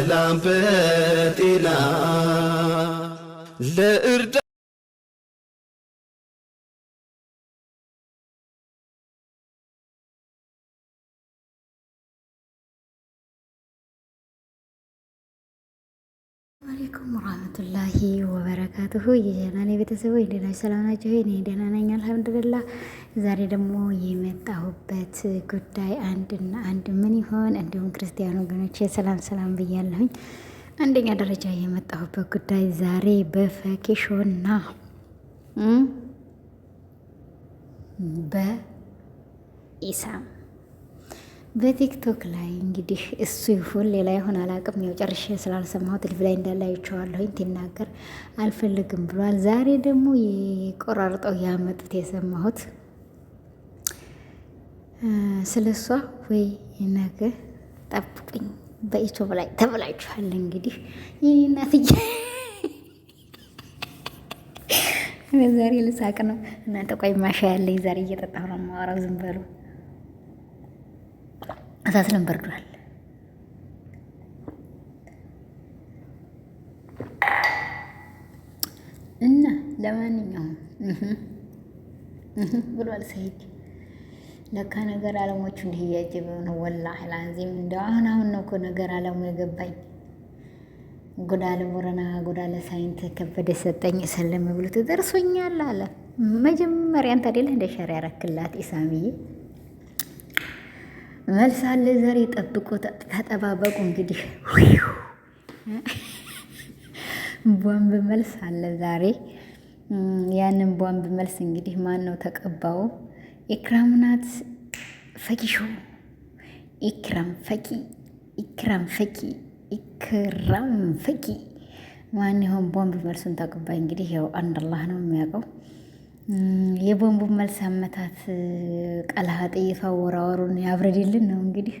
በሰላም በጤና ለእርዳ አለይኩም ወራህመቱላሂ ወበረካቱሁ የጀናኔ ቤተሰቦች እንዴት ናችሁ? ሰላም ናችሁ? እኔ ደህና ነኝ አልሐምዱሊላህ። ዛሬ ደግሞ የመጣሁበት ጉዳይ አንድና አንድ ምን ይሆን እንዲሁም ክርስቲያን ወገኖች ሰላም ሰላም ብያለሁኝ። አንደኛ ደረጃ የመጣሁበት ጉዳይ ዛሬ በፈኪሾና በኢሳም በቲክቶክ ላይ እንግዲህ እሱ ይሁን ሌላ ይሁን አላቅም። ያው ጨርሼ ስላልሰማሁት ልፍ ላይ እንዳላየችዋለሁኝ ትናገር አልፈልግም ብሏል። ዛሬ ደግሞ የቆራርጠው ያመጡት የሰማሁት ስለ እሷ ወይ ነገ ጠብቁኝ በኢትዮብ ላይ ተብላችኋል። እንግዲህ ይህ እናትዬ ዛሬ ልሳቅ ነው። እናንተ ቆይ ማሻ ያለኝ ዛሬ እየጠጣሁ ነው የማወራው። ዝም በሉ። አሳስለን በርዷል። እና ለማንኛውም ብሏል ሰይድ። ለካ ነገር አለሞቹ እንዲህ እያጀበው ነው። ወላሂ ላዚም እንደ አሁን አሁን ነው እኮ ነገር አለሙ የገባኝ። ጎዳ ለቦረና ጎዳ ለሳይንት ከበደ ሰጠኝ ሰለም ብሎት ደርሶኛል አለ። መጀመሪያ አንተ አይደለህ እንደ ሸር ያረክላት ኢሳምዬ መልስ አለ ዛሬ። ጠብቁ፣ ተጠባበቁ። እንግዲህ ቧንብ መልስ አለ ዛሬ። ያንን ቧንብ መልስ እንግዲህ ማን ነው ተቀባው? ኢክራም ናት። ፈኪሾ ኢክራም ፈኪ ኢክራም ፈኪ ኢክራም ፈኪ ማን ይሆን ቧንብ መልሱን ተቀባይ? እንግዲህ ያው አንድ አላህ ነው የሚያውቀው። የቦንቡ መልስ አመታት ቀላሀ ጥይቷ አወራወሩን ያብረድልን ነው እንግዲህ።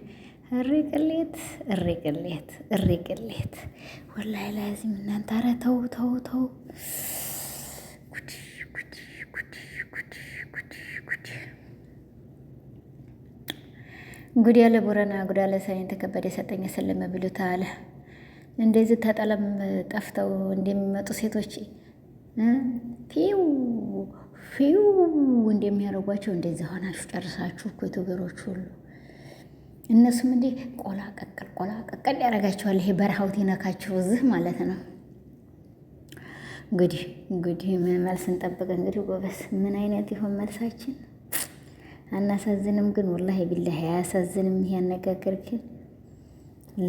እሪ ቅሌት፣ እሪ ቅሌት፣ እሪ ቅሌት ወላሂ ላዚም እናንተ። ኧረ ተው ተው ተው። ጉድ ያለ ቦረና ጉድ ያለ ሳይን ተከበደ የሰጠኝ ስልመ ብሉታ አለ። እንደዚህ ተጠለም ጠፍተው እንደሚመጡ ሴቶች ፒው ፊው እንደሚያደርጓቸው እንደዚያ ሆናችሁ ጨርሳችሁ እኮ ሁሉ እነሱም እንዴ ቆላ ቀቀል ቆላ ቀቀል ያደርጋቸዋል። ይሄ በረሃውት ይነካቸው እዚህ ማለት ነው። እንግዲህ እንግዲህ ምን መልስ እንጠብቅ? እንግዲህ ጎበስ ምን አይነት ይሆን መልሳችን? አናሳዝንም ግን ወላሂ ቢላሂ አያሳዝንም ይሄ አነጋገር ግን።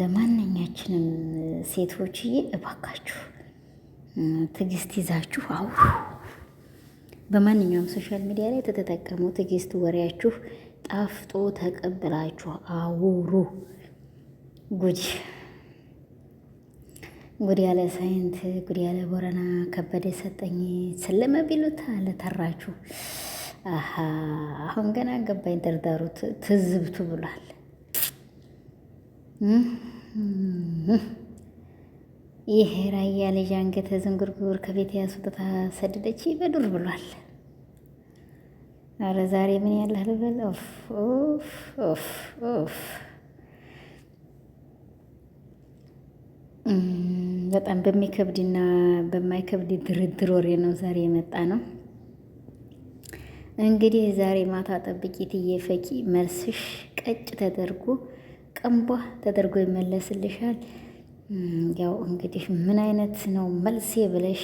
ለማንኛችንም ሴቶችዬ እባካችሁ ትዕግስት ይዛችሁ አውሩ። በማንኛውም ሶሻል ሚዲያ ላይ ተተጠቀሙ። ትዕግስት ወሬያችሁ ጣፍጦ ተቀብላችሁ አውሩ። ጉድ ጉድ ያለ ሳይንት ጉድ ያለ ቦረና ከበደ ሰጠኝ ስለመ ቢሉት አለ ተራችሁ። አሁን ገና ገባኝ ደርዳሩ ትዝብቱ ብሏል። ይሄ ራያ ልጅ አንገተ ዝንጉርጉር ከቤት ያስወጥታ ሰደደች በዱር ብሏል። አረ ዛሬ ምን ያለህ ልበል። ኦፍ ኦፍ ኦፍ ኦፍ በጣም በሚከብድና በማይከብድ ድርድር ወሬ ነው ዛሬ የመጣ ነው። እንግዲህ ዛሬ ማታ ጠብቂ ትዬ መልስሽ ቀጭ ተደርጎ ቀንቧ ተደርጎ ይመለስልሻል። ያው እንግዲህ ምን አይነት ነው መልሴ ብለሽ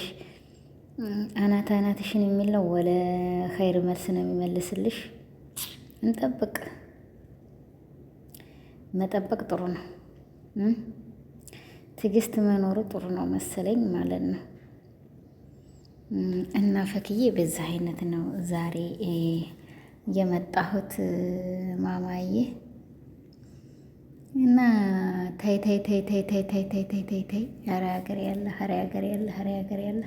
አናት አናትሽን የሚለው ወለ ኸይር መልስ ነው የሚመልስልሽ። እንጠብቅ፣ መጠበቅ ጥሩ ነው። ትዕግስት መኖሩ ጥሩ ነው መሰለኝ ማለት ነው። እና ፈክዬ በዛ አይነት ነው ዛሬ የመጣሁት ማማዬ እና ታይ ታይ ታይ ታይ ታይ ታይ ታይ ታይ ታይ ታይ ኧረ ሀገር ያለ ኧረ ሀገር ያለ ኧረ ሀገር ያለ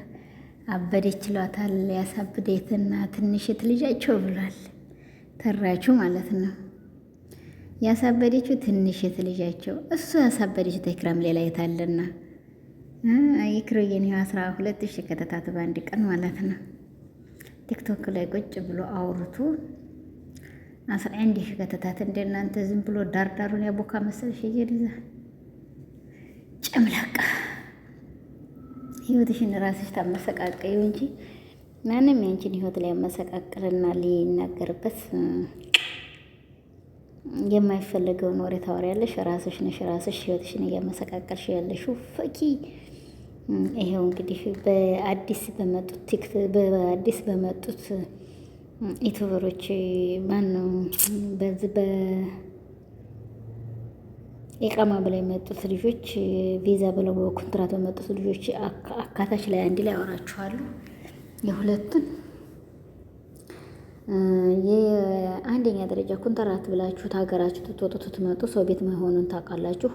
አበደች ይሏታል። ያሳብዴትና ትንሽት ልጃቸው ብሏል ተራችሁ ማለት ነው። ያሳበደችው ትንሽት ልጃቸው እሱ ያሳበደች ተክራም ሌላ የታለና ይክሮየን የኔ አስራ ሁለት ሺህ ከተታት በአንድ ቀን ማለት ነው። ቲክቶክ ላይ ቁጭ ብሎ አውርቱ አስራ አንድ ሺህ ከተታት እንደናንተ ዝም ብሎ ዳርዳሩን ያቦካ መሰልሽ እየዲዛ ጨምላቃ ህይወትሽን ራስሽ ታመሰቃቀዩ እንጂ ማንም ያንቺን ህይወት ሊያመሰቃቅልና ሊናገርበት የማይፈልገውን ወሬ ታወሪያለሽ። ራስሽ ነሽ ራስሽ ህይወትሽን እያመሰቃቀልሽ ያለሽው ፈኪ። ይሄው እንግዲህ በአዲስ በመጡት ቲክት በአዲስ በመጡት ዩቱበሮች ማን ነው በዚህ በኢቃማ ብለው የመጡት ልጆች ቪዛ ብለው ኮንትራት በመጡት ልጆች አካታች ላይ አንድ ላይ ያወራችኋሉ። የሁለቱን የአንደኛ ደረጃ ኮንትራት ብላችሁ ሀገራችሁ ትትወጡ ትትመጡ ሰው ቤት መሆኑን ታውቃላችሁ።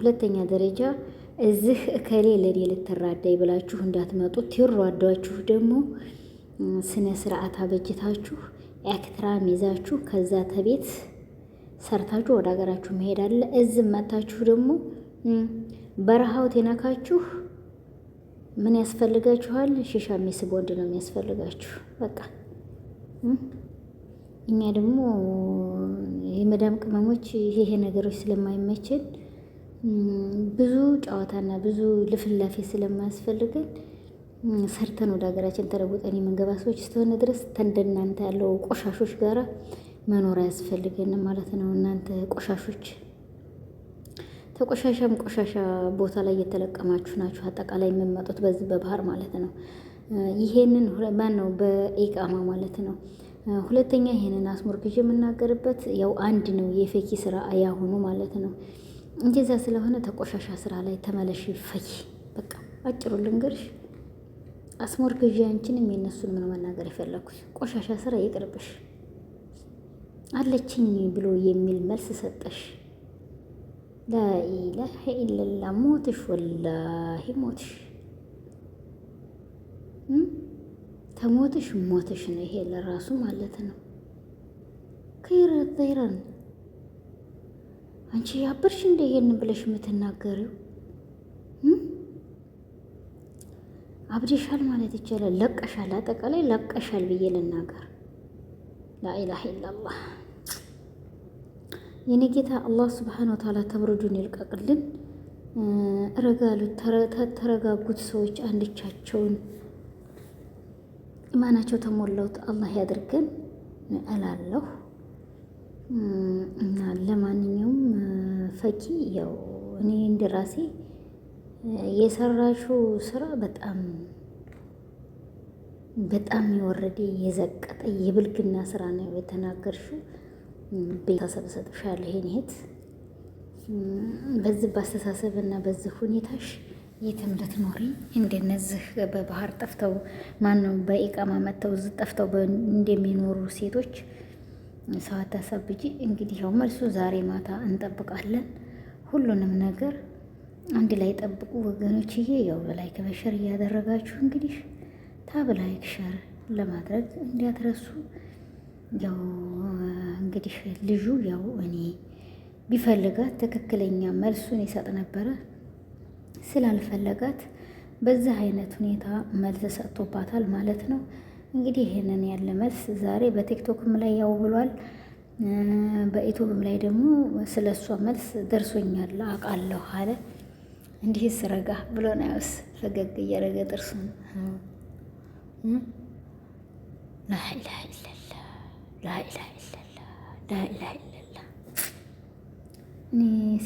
ሁለተኛ ደረጃ እዚህ እከሌ ለእኔ ልትራዳይ ብላችሁ እንዳትመጡ ትሯዷችሁ ደግሞ ስነ ስርዓት አበጅታችሁ ኤክትራም ይዛችሁ ከዛ ተቤት ሰርታችሁ ወደ ሀገራችሁ መሄድ አለ። እዝም መታችሁ ደግሞ በረሃው ቴናካችሁ ምን ያስፈልጋችኋል? ሺሻ የሚስብ ወንድ ነው የሚያስፈልጋችሁ። በቃ እኛ ደግሞ የመዳም ቅመሞች ይሄ ነገሮች ስለማይመችን ብዙ ጨዋታና ብዙ ልፍላፌ ስለማያስፈልገን ሰርተን ወደ ሀገራችን ተለውጠን የምንገባ ሰዎች እስከሆነ ድረስ ተንደናንተ ያለው ቆሻሾች ጋራ መኖር አያስፈልገንም ማለት ነው። እናንተ ቆሻሾች ተቆሻሻም ቆሻሻ ቦታ ላይ እየተለቀማችሁ ናችሁ። አጠቃላይ የምመጡት በዚህ በባህር ማለት ነው። ይሄንን ማን ነው በኢቃማ ማለት ነው። ሁለተኛ ይሄንን አስሞርክጅ የምናገርበት ያው አንድ ነው፣ የፌኪ ስራ ያሁኑ ማለት ነው። እንደዛ ስለሆነ ተቆሻሻ ስራ ላይ ተመለሽ ፈይ። በቃ አጭሩ ልንገርሽ። አስሞር ግዢ አንቺንም የነሱን ምን መናገር የፈለግኩት ቆሻሻ ስራ ይቅርብሽ፣ አለችኝ ብሎ የሚል መልስ ሰጠሽ። ላኢላሀ ኢለላ ሞትሽ፣ ወላሂ ሞትሽ፣ ተሞትሽ ሞትሽ ነው ይሄ ለራሱ ማለት ነው። ከይረት ይረን አንቺ ያበርሽ እንደ ይሄን ብለሽ የምትናገሪው አብዲሻል ማለት ይቻላል። ለቀሻል፣ አጠቃላይ ለቀሻል ብዬ ልናገር። ላኢላሃ ኢላላህ የኔ ጌታ አላህ ስብሓን ወታላ ተብረዱን ይልቀቅልን። ረጋሉት ተረጋጉት ሰዎች አንድቻቸውን ኢማናቸው ተሞላውት አላህ ያድርገን እላለሁ። እና ለማንኛውም ፈኪ ያው እኔ እንደራሴ የሰራሽው ስራ በጣም በጣም የወረደ የዘቀጠ የብልግና ስራ ነው የተናገርሽው። ቤተሰብ ሰጥሻለሁ ይሄት በዚህ በአስተሳሰብ እና በዚህ ሁኔታሽ የትም ልትኖሪ እንደነዚህ በባህር ጠፍተው ማነው በኢቃማ መጥተው እዚህ ጠፍተው እንደሚኖሩ ሴቶች ሰው አታሳብጂ። እንግዲህ ያው መልሱ ዛሬ ማታ እንጠብቃለን ሁሉንም ነገር አንድ ላይ ጠብቁ ወገኖችዬ። ያው በላይክ በሸር እያደረጋችሁ እንግዲህ ታብ ላይክ ሸር ለማድረግ እንዲያትረሱ። ያው እንግዲህ ልጁ ያው እኔ ቢፈልጋት ትክክለኛ መልሱን ይሰጥ ነበረ። ስላልፈለጋት በዚህ አይነት ሁኔታ መልስ ሰጥቶባታል ማለት ነው። እንግዲህ ይህንን ያለ መልስ ዛሬ በቲክቶክም ላይ ያው ብሏል። በኢትዮብም ላይ ደግሞ ስለ እሷ መልስ ደርሶኛል አውቃለሁ አለ። እንዲህ ስረጋ ብሎ ናያውስ ፈገግ እያደረገ ጥርሱን ላኢላሃ ኢለላ ላኢላሃ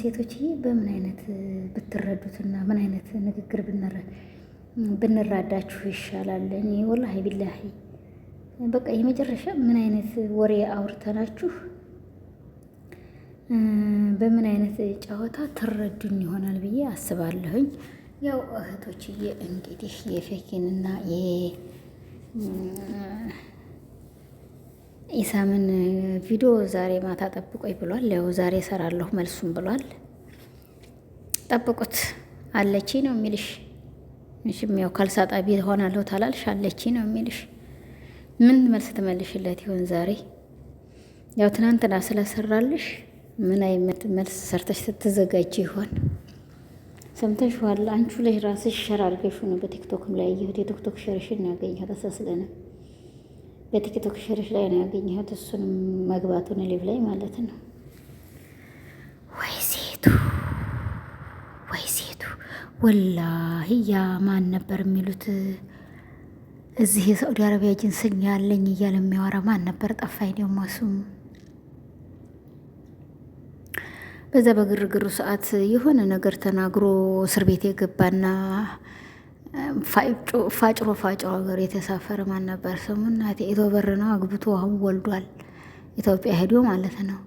ሴቶችዬ በምን አይነት ብትረዱትና ምን አይነት ንግግር ብንራዳችሁ ይሻላል? እኔ ወላሂ ቢላሂ በቃ የመጨረሻ ምን አይነት ወሬ አውርተናችሁ በምን አይነት ጨዋታ ትረዱኝ ይሆናል ብዬ አስባለሁኝ። ያው እህቶችዬ እንግዲህ የፌኪንና የኢሳምን ቪዲዮ ዛሬ ማታ ጠብቆኝ ብሏል። ያው ዛሬ እሰራለሁ መልሱም ብሏል። ጠብቁት። አለች ነው የሚልሽ ምሽም ያው ካልሳጣቢ ሆናለሁ ታላልሽ አለች ነው የሚልሽ። ምን መልስ ትመልሽለት ይሆን ዛሬ? ያው ትናንትና ስለሰራልሽ ምን አይነት መልስ ሰርተሽ ስትዘጋጅ ይሆን? ሰምተሽዋል። አንቹ ላይ ራስሽ ሸር አድርገሽው ነው። በቲክቶክም ላይ ያየሁት የቲክቶክ ሸርሽ ነው ያገኘሁት። አሳስለንም በቲክቶክ ሸርሽ ላይ ነው ያገኘሁት። እሱንም መግባቱን ሊቭ ላይ ማለት ነው። ወይ ሴቱ፣ ወይ ሴቱ፣ ወላሂ ያ ማን ነበር የሚሉት እዚህ የሳዑዲ አረቢያ ጅንስኛ ያለኝ እያለ የሚያወራ ማን ነበር? ጠፋኝ ደግሞ እሱም በዛ በግርግሩ ሰዓት የሆነ ነገር ተናግሮ እስር ቤት የገባና ፋጭሮ ፋጭሮ ሀገር የተሳፈረ ማን ነበር ስሙ? እናቴ በር ነው። አግብቶ አሁን ወልዷል። ኢትዮጵያ ሄዶ ማለት ነው።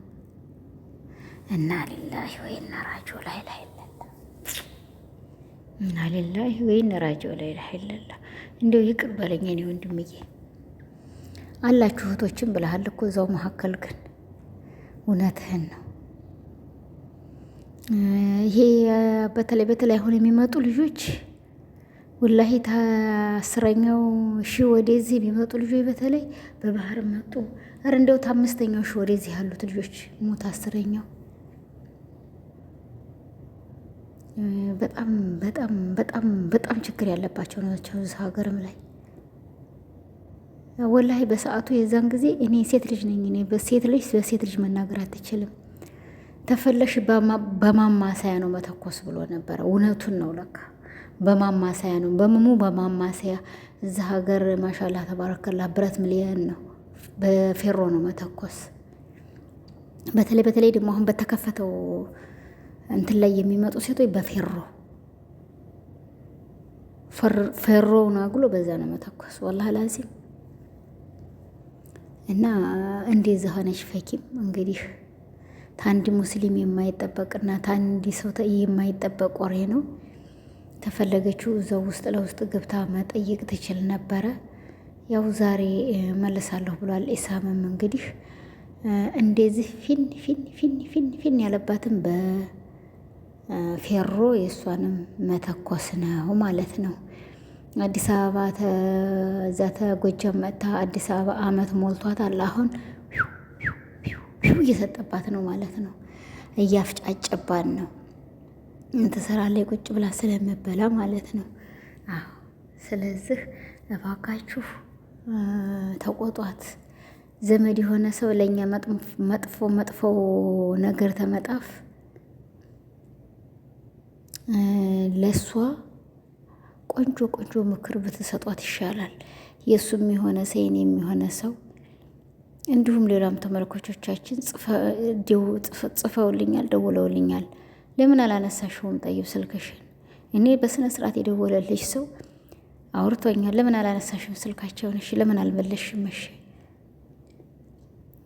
እና ሌላ ወይ ራጆ ላይ ላይ እና ሌላ ወይ ራጆ ላይ ላይ ለላ እንዲው ይቅር በለኝ እኔ ወንድምዬ አላችሁ እህቶችን ብለሃል እኮ እዛው መካከል ግን እውነትህን ነው ይሄ በተለይ በተለይ አሁን የሚመጡ ልጆች ወላሂ ታስረኛው ሺ ወደዚህ የሚመጡ ልጆች በተለይ በባህር መጡ ኧረ እንደው ታምስተኛው ሺ ወደዚህ ያሉት ልጆች ሞት አስረኛው በጣም በጣም በጣም በጣም ችግር ያለባቸው ናቸው። እዛ ሀገርም ላይ ወላሂ በሰዓቱ የዛን ጊዜ እኔ ሴት ልጅ ነኝ። እኔ በሴት ልጅ በሴት ልጅ መናገር አትችልም። ተፈለሽ በማማሰያ ነው መተኮስ ብሎ ነበረ። እውነቱን ነው ለካ በማማሰያ ነው በምሙ በማማሰያ እዚ ሀገር ማሻላ ተባረከላ ብረት ሚሊየን ነው በፌሮ ነው መተኮስ። በተለይ በተለይ ደግሞ አሁን በተከፈተው እንትን ላይ የሚመጡ ሴቶች በፌሮ ፌሮውን አግሎ በዛ ነው መተኮስ። ወላሂ ላዚም እና እንዴ ዝሆነች ፈኪም እንግዲህ ታንድ ሙስሊም የማይጠበቅና ታንድ ሰው የማይጠበቅ ወሬ ነው። ተፈለገችው እዛው ውስጥ ለውስጥ ገብታ መጠየቅ ትችል ነበረ። ያው ዛሬ መልሳለሁ ብሏል። ኢሳምም እንግዲህ እንደዚህ ፊን ፊን ፊን ፊን ፊን ያለባትም በፌሮ የእሷንም መተኮስ ነው ማለት ነው። አዲስ አበባ እዛ ተጎጃም መጥታ አዲስ አበባ አመት ሞልቷታል አሁን ሹ እየሰጠባት ነው ማለት ነው። እያፍጫጨባን ነው እንትሰራ ላይ ቁጭ ብላ ስለምበላ ማለት ነው። አዎ ስለዚህ እባካችሁ ተቆጧት። ዘመድ የሆነ ሰው ለእኛ መጥፎ መጥፎ ነገር ተመጣፍ ለእሷ ቆንጆ ቆንጆ ምክር ብትሰጧት ይሻላል። የእሱም የሆነ ሰይን የሚሆነ ሰው እንዲሁም ሌላም ተመልካቾቻችን ጽፈውልኛል፣ ደውለውልኛል። ለምን አላነሳሽውም ጠይብ ስልክሽን? እኔ በስነ ስርዓት የደወለልሽ ሰው አውርቶኛል። ለምን አላነሳሽም ስልካቸውን? እሺ ለምን አልመለሽም? እሺ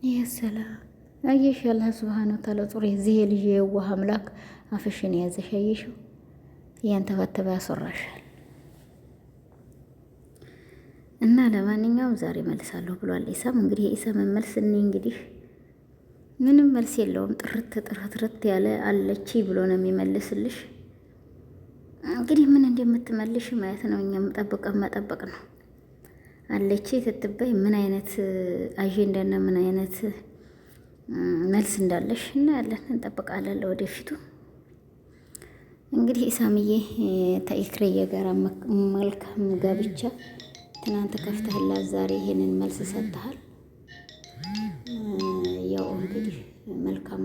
ይህ ሰላ አየሽ፣ ያለ ስብሃነ ወተዓላ ጦር የዚህ ልጅ የዋህ አምላክ አፍሽን የያዘሽ አየሽው፣ ባተባ ያስወራሻል። እና ለማንኛውም ዛሬ መልሳለሁ ብሏል ኢሳም። እንግዲህ የኢሳምን መልስ እኔ እንግዲህ ምንም መልስ የለውም። ጥርት ጥርትርት ያለ አለች ብሎ ነው የሚመልስልሽ። እንግዲህ ምን እንደምትመልሽ ማየት ነው። እኛም ጠብቀ መጠበቅ ነው። አለች ትትበይ ምን አይነት አጀንዳና ምን አይነት መልስ እንዳለሽ እናያለን፣ እንጠብቃለን ለወደፊቱ። እንግዲህ ኢሳምዬ ተኢክሬየ ጋር መልካም ጋብቻ ትናንት ከፍተህላት ዛሬ ይሄንን መልስ ሰጥተሃል። ያው እንግዲህ መልካም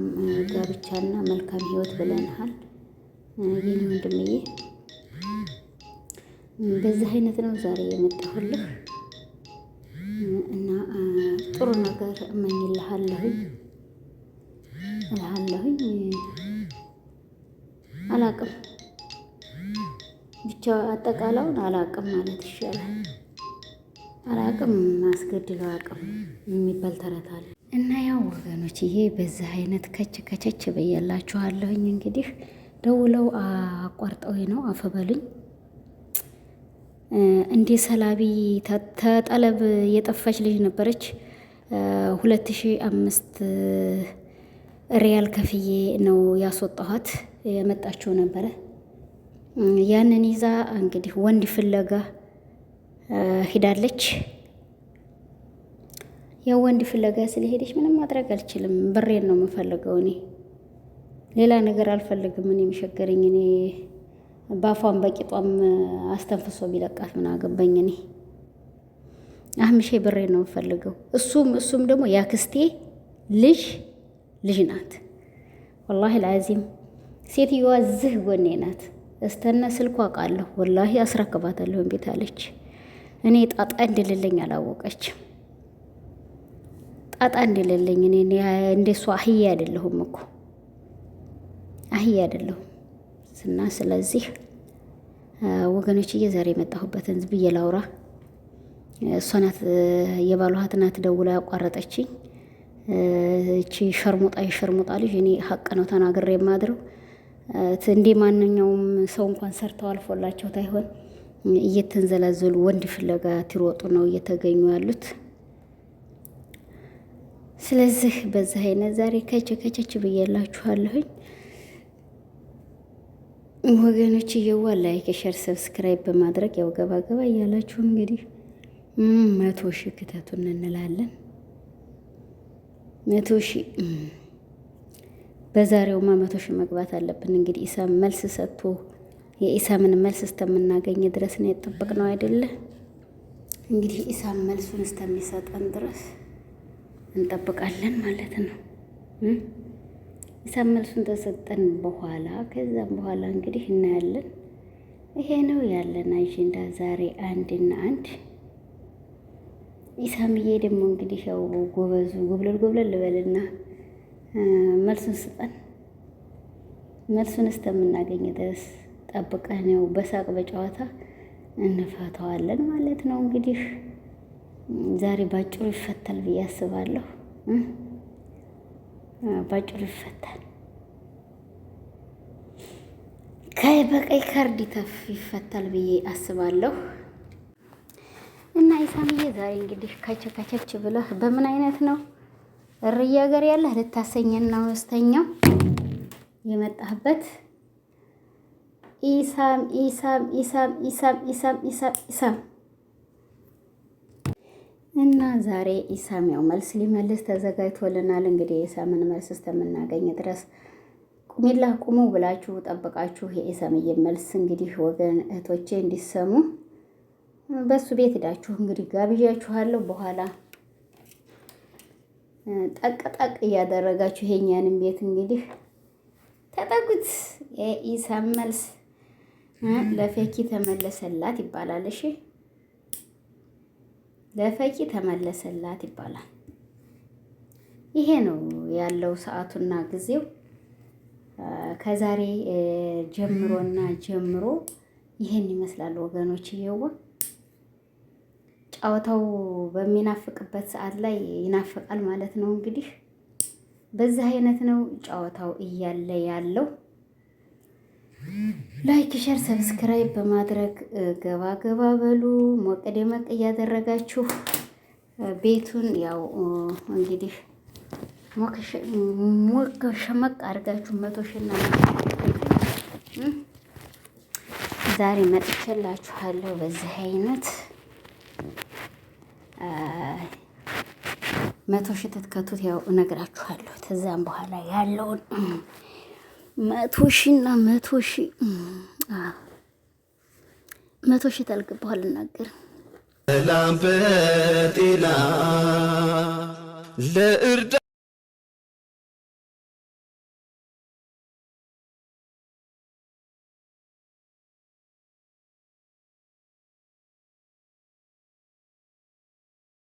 ጋብቻና መልካም ህይወት ብለንሃል። ይህን ወንድምዬ በዚህ አይነት ነው ዛሬ የመጣሁልህ እና ጥሩ ነገር እመኝልሃለሁኝ እልሃለሁኝ። አላቅም ብቻ አጠቃላውን አላቅም ማለት ይሻላል። አላቅም አስገድለው አቅም የሚባል ተረት አለ እና ያው ወገኖች ይሄ በዚህ አይነት ከች ከቸች በያላችኋለሁኝ። እንግዲህ ደውለው አቋርጠው ነው አፈበሉኝ። እንዴ ሰላቢ ተጠለብ የጠፋች ልጅ ነበረች። ሁለት ሺ አምስት ሪያል ከፍዬ ነው ያስወጣኋት። የመጣችው ነበረ ያንን ይዛ እንግዲህ ወንድ ፍለጋ ሂዳለች። ያው ወንድ ፍለጋ ስለሄደች ምንም ማድረግ አልችልም። ብሬን ነው የምፈልገው እኔ ሌላ ነገር አልፈልግም። እኔ የሚሸገረኝ እኔ ባፏን በቂጧም አስተንፍሶ ቢለቃት ምን አገባኝ እኔ አህምሼ ብሬ ነው የምፈልገው። እሱም እሱም ደግሞ ያክስቴ ልጅ ልጅ ናት። ወላሂ ለአዚም ሴትዮዋ ዝህ ጎኔ ናት። እስተነ ስልኳ አውቃለሁ። ወላሂ አስረክባታለሁ ቤት እኔ ጣጣ እንድልልኝ አላወቀችም። ጣጣ እንድልልኝ እኔ እንደሱ አህያ አይደለሁም እኮ አህያ አይደለሁም እና ስለዚህ ወገኖችዬ ዛሬ የመጣሁበትን ብዬ ላውራ። እሷ ናት ናት ደውላ ያቋረጠችኝ። እቺ ሸርሙጣ የሸርሙጣ ልጅ እኔ ሀቅ ነው ተናግሬ የማድረው እንደ ማንኛውም ሰው እንኳን ሰርተው አልፎላቸው ታይሆን እየተንዘላዘሉ ወንድ ፍለጋ ትሮጡ ነው እየተገኙ ያሉት። ስለዚህ በዚህ አይነት ዛሬ ከች ከቸች ብያላችኋለሁኝ ወገኖች እየዋ ላይክ፣ ሸር፣ ሰብስክራይብ በማድረግ ያው ገባ ገባ እያላችሁ እንግዲህ መቶ ሺ ክተቱን እንላለን። መቶ ሺ በዛሬውማ መቶ ሺ መግባት አለብን። እንግዲህ ኢሳም መልስ ሰጥቶ የኢሳምን መልስ እስከምናገኝ ድረስ ነው የጠበቅነው አይደለ? እንግዲህ ኢሳም መልሱን እስከሚሰጠን ድረስ እንጠብቃለን ማለት ነው። ኢሳም መልሱን ተሰጠን በኋላ ከዛም በኋላ እንግዲህ እናያለን። ይሄ ነው ያለን አጀንዳ ዛሬ አንድና አንድ። ኢሳምዬ ደግሞ እንግዲህ ያው ጎበዙ ጎብለል ጎብለል ልበልና መልሱን ስጠን መልሱን እስከምናገኝ ድረስ ጠብቀን ያው በሳቅ በጨዋታ እንፈተዋለን ማለት ነው። እንግዲህ ዛሬ ባጭሩ ይፈታል ብዬ አስባለሁ። ባጭሩ ይፈታል። ከይ በቀይ ካርድ ተፍ ይፈታል ብዬ አስባለሁ። እና ኢሳምዬ ዛሬ እንግዲህ ከቸከቸች ብለህ በምን አይነት ነው እርያ ገር ያለህ ልታሰኘን ነው ስተኛው የመጣህበት? ኢሳም ኢሳም ኢሳም ኢሳም ኢሳም ኢሳም ኢሳም እና ዛሬ ኢሳም ያው መልስ ሊመልስ ተዘጋጅቶልናል። እንግዲህ የኢሳምን መልስ እስከምናገኝ ድረስ ቁሚላ ቁሙ ብላችሁ ጠብቃችሁ የኢሳምዬን መልስ እንግዲህ ወገን እህቶቼ እንዲሰሙ በሱ ቤት ሄዳችሁ እንግዲህ ጋብዣችኋለሁ። በኋላ ጠቅጠቅ እያደረጋችሁ ይሄኛንም ቤት እንግዲህ ተጠጉት የኢሳም መልስ ለፈኪ ተመለሰላት ይባላል። እሺ ለፈኪ ተመለሰላት ይባላል። ይሄ ነው ያለው ሰዓቱና ጊዜው። ከዛሬ ጀምሮና ጀምሮ ይሄን ይመስላል ወገኖች። ይሄው ጨዋታው በሚናፍቅበት ሰዓት ላይ ይናፍቃል ማለት ነው። እንግዲህ በዚህ አይነት ነው ጨዋታው እያለ ያለው። ላይክ ሸር ሰብስክራይብ በማድረግ ገባ ገባ በሉ ሞቅ ደመቅ እያደረጋችሁ ቤቱን ያው እንግዲህ ሞቅ ሸመቅ አድርጋችሁ መቶ ሽና ዛሬ መጥቼላችኋለሁ በዚህ አይነት መቶ ሽተት ከቱት ያው እነግራችኋለሁ። በኋላ ያለውን መቶ ሺና መቶ ሺ መቶ ሺ ታልገባሁ አልናገርም። ሰላም በጤና ለእርዳ